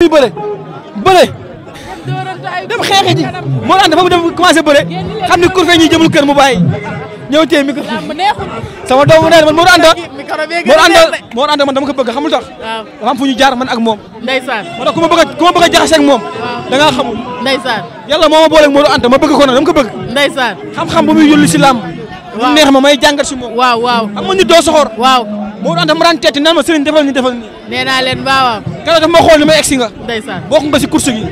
muy bëre bëre dem xeexi ji moo da dafa dem commencé bëre xam ni kurfe ñuy jëmul kër mu bàyyi ñëw téye micro sama doomu nee man Modou Anta Modou Anta Modou Anta man dama ko bëgg xamul tax dafa am fu ñu jaar man ak moom ndeysaan moo tax ku ma bëgg a ku ma bëgg a jaxase moom da ngaa xamul ndeysaan yàlla moo ma boole ak Modou Anta ma bëgg ko nag dama ko bëgg ndeysaan xam-xam bu muy yullu si làmb mu neex ma may jàngat si moom waaw waaw xam nga ñu doo soxor waaw Modou Anta ma daan teeti nan ma sëriñ defal ñu defal nii naa leen baawam keroog daf ma xool ni may egsi nga. ndeysaan bokk nga si course gi.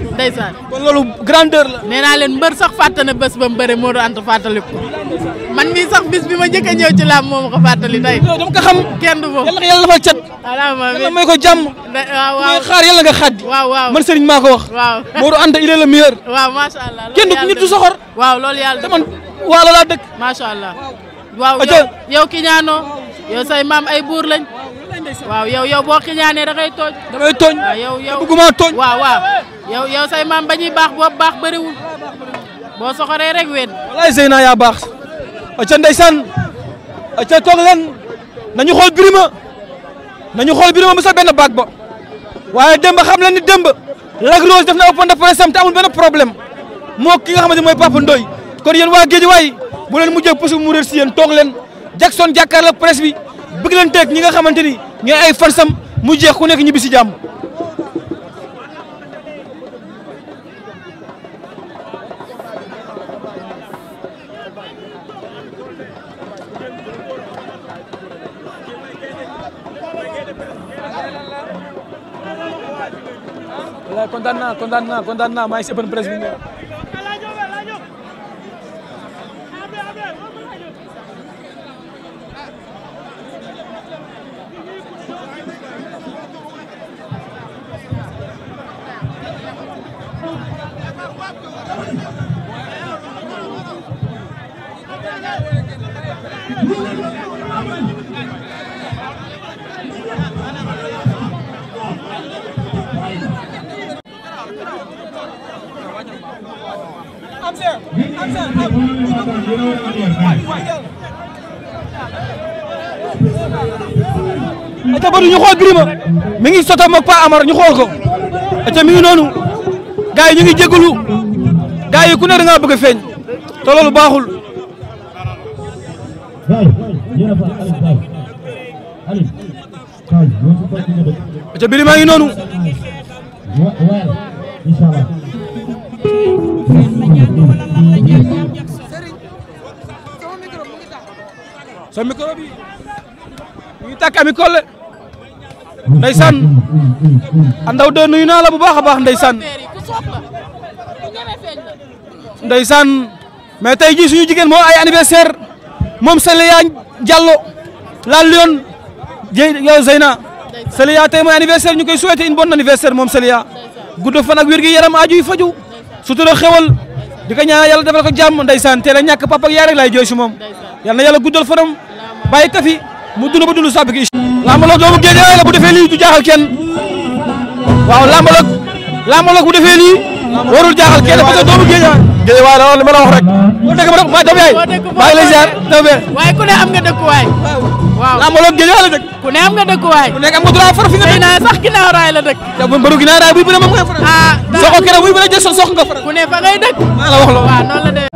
loolu grandeur la. nee naa leen mbër sax fàtte bés ba mu bëre moo doon ànd fàttali ko man mii sax bis bi ma njëkk a ñëw ci laam moo ma ko fàttali tey. yow dama ko xam kenn du moom yàlla yàlla dafa cat. yàlla may ko jàmm. waaw waaw xaar yàlla nga xaddi. man sëriñ maa ko wax. waaw moo doon ànd il est le meilleur. waaw macha allah kenn du nit du soxor. waaw loolu yàlla dama waalo laa dëkk. macha yow ki ñaanoo yow say maam ay buur lañ waaw yaw yow boo xiñaanee da ngay tooñ. damay tooñ yow yow bëgguma tooñ. waaw waaw yow yow say maam bañuy baax boobu baax bëriwul boo soxoree rek wéen. walaay Seyna yaa baax. ca ndeysaan ca toog len nañu xool Birima nañu xool Birima mu sa benn baag ba waaye démb xam leen ni démb Lac Rose def na open de presse am te amul benn problème moo ki nga xamante mooy Papa Ndoye kon yéen waa Guédiawaye bu leen mujjee pusu mu réer si toog leen Jackson jàkkaarloo presse bi bëgg leen teg ñi nga xamante ni. ñooy ay farsam mu jeex ku nekk ñibbi si jàmm. kontaan naa kontaan naa kontaan naa maa ngi si I'm there. I'm there. I'm, I'm, I'm, I'm, I'm, I'm, gars yi ñu ngi jégalu gars yi ku ne da ngaa bëgg a feeñ te baaxul. ca biir maa ngi noonu. sa bi ñu ngi tàkk ami andaw de nuyu naa la bu baax a baax ndeysaan ndeysaan mais tey jii suñu jigéen moom ay anniversaire moom Saliya Diallo la Lion Dieng Zeyna Saliya tey mooy anniversaire ñu koy souhaité une bonne anniversaire moom Saliya gudd fan ak yaram aaju yu faju sutura xewal di ko ñaanal yàlla defal ko jàmm ndeysaan teel a ñàkk papa ak yaay rek laay jooy si moom yal na yàlla guddal fanam bàyyi ko mu dund ba dund sàbbi gi. Lambalog doomu géej la bu defee lii du jaaxal kenn waaw Lambalog. laa la bu defee lii warul jaaxal kenn parce que doomu géejawaay géejawaay la li ma la wax rek bo dëgg ma rek ma dam yaay maa ngi lay ziar waaye ku ne am nga dëkkuwaay waaw làmb la géejawaay la ku ne am nga dëkkuwaay a nekk am nga droit far raay la dëkk te bu mbaru ginnaaw raay buy bu ne moom nga far ah soo buy bu ne jël soo nga far ku ne fa ngay dëkk maa la wax loolu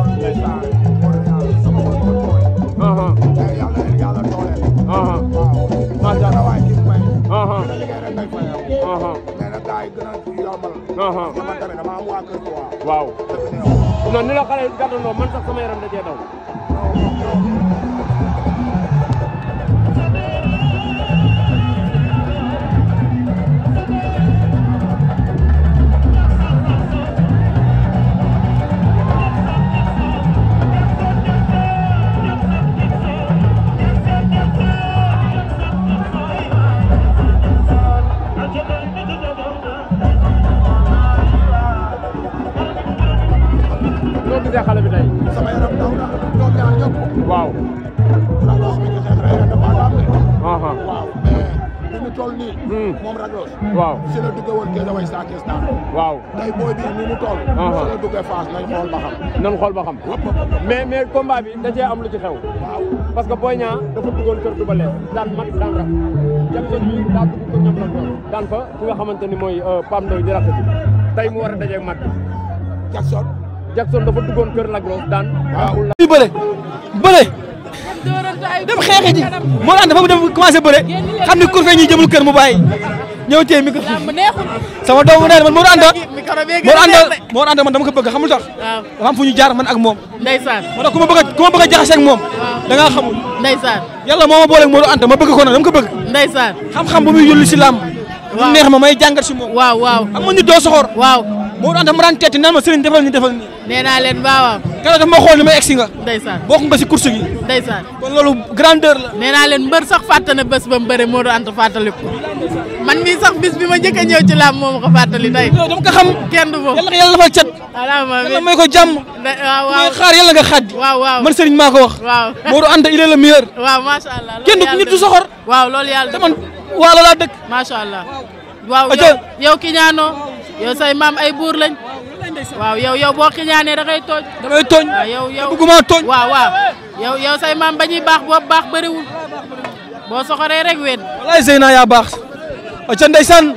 man tamit dama am waa kër quoi. waaw non ni la xale gàttandoo man sax sama yaram da cee daw. gisee bi tey. sama yaram daw na ñoom ñaar ñëpp. waaw. Raglos bi ñu xeex am xam. nañ mais mais combat bi da am lu ci xew. parce que Boy Niang dafa duggoon kër du ba leer daan mat daan rab Jackson bi daa dugg ko ñam lañ doon daan fa ki nga xamante ni mooy euh, Pam Ndoy di rafetlu tey mu war a dajeeg mat Jackson dafa duggoon kër Lac Rose daan. waaw li bëre bëre dem xeexi ji moo daan dafa dem commencé bëre xam ni kur fee ñuy jëmul kër mu bàyyi ñëw téye micro sama doomu nee man moo àndoon moo àndoon moo àndoon man dama ko bëgg xamul tax dafa am fu ñu jaar moom ndeysaan moo tax ku ma bëgg a ku ma a jaxase ak moom da moo ma booleeg ma bëgg ko na dama ko bëgg ndeysaan xam-xam bu si làmb neex ma may jàngat si moom waaw waaw ak doo soxor waaw Modou Anta ma daan teeti naan ma sëriñ defal ni defal nii nee naa leen waaw waaw. keroog dafa ma xool ni may egsi nga. ko bokk nga si course gi. ndeysaan kon loolu grandeur la. nee naa leen mbër sax fàttali na bés ba mu bëre moo doon ànd fàttali ko man mii sax bis bi ma njëkk a ñëw ci làmb moom ko fàttali tey. yow dama ko xam. kenn du ko yàlla yàlla dafa cat. alaamaaleykum yàlla may ko jàmm. waaw waaw xaar yàlla nga xaaj. maa ko wax. waaw Modou Anta il est le meilleur. waaw macha allah loolu yàlla kenn du nit du soxor. waaw loolu yàlla dama waalo laa dëkk. macha allah. ki ñaanoo yow say maam ay buur lañ waaw yow yow boo xiñaanee da ay tooñ. damay tooñ waaw yow yow bëgguma tooñ. waaw waaw yow yow say maam ba ñuy baax baax bëriwul boo soxoree rek ween. walaay Seyna yaa baax. ca ndeysaan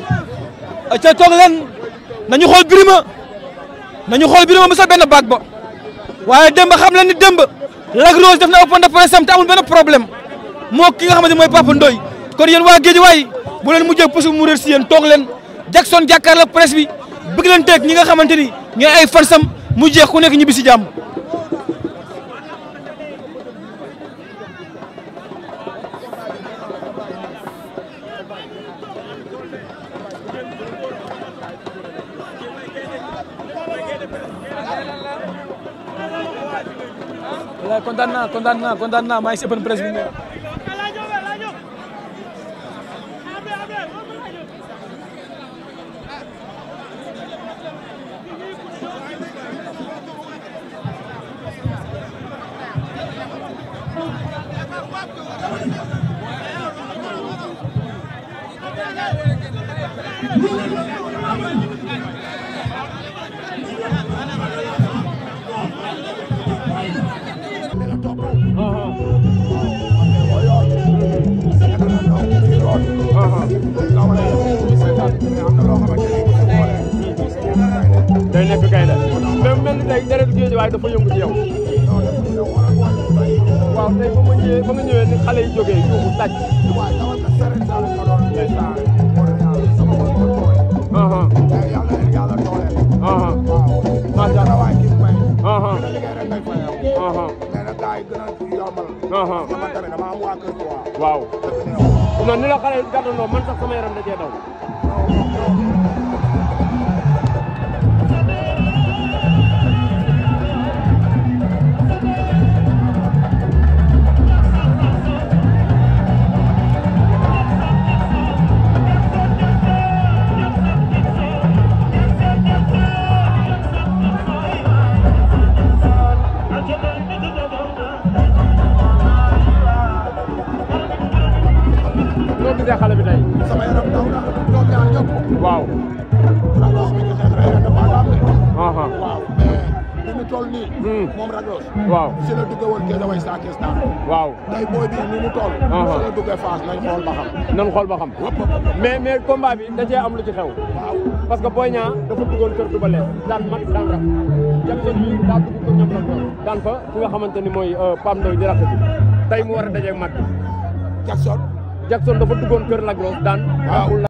ca toog leen nañu xool Birima nañu xool Birima mu sax benn baag ba waaye démb xam leen ni démb Lac Rose def na open de presse am te amul benn problème moo ki nga xamante mooy Papa Ndoye kon yéen waa géej waay bu leen mujjee pusu mu réer si yéen toog leen Jackson la presse bi bëgg leen teg ñi nga xamante ni. ñooy ay fansam mu jeex ku nekk ñibbi si jàmm. kontaan naa kontaan naa kontaan naa maa ngi day nekk kay la mais mel ni tey deret géej waaye dafa yëngu ci yow waaw tey ba ma ñëwee ba ma ñëwee ni xale yi jógee yuuxu waaw dama sama xol ma tooy. mais uh-huh. uh-huh. waaw macha allah waay kii may. Uh-huh. gën a liggéey rek ngay fayam. mais nag gars a sama tamit dama am waa kër quoi. waaw. la yow. non sax sama yaram da cee daw. xale bi na ñoom ñaar ñëpp. waaw. Raglos bi ñu xeex rek nii. Hmm. waaw si la duggee kee daway saa naan. waaw tey booy bi ni mu toll. si la duggee phase nañ xam. mais mais combat bi am lu ci xew. waaw parce que Boy ñaa dafa duggoon kër du ba leer daan mag daan rab jamono jii daa dugg ko ñoom lañ daan fa ki nga xamante ni mooy euh, Pam Ndoy di rafetlu tey mu war a dajeeg mag Jackson dafa duggoon kër Lac Rose daan.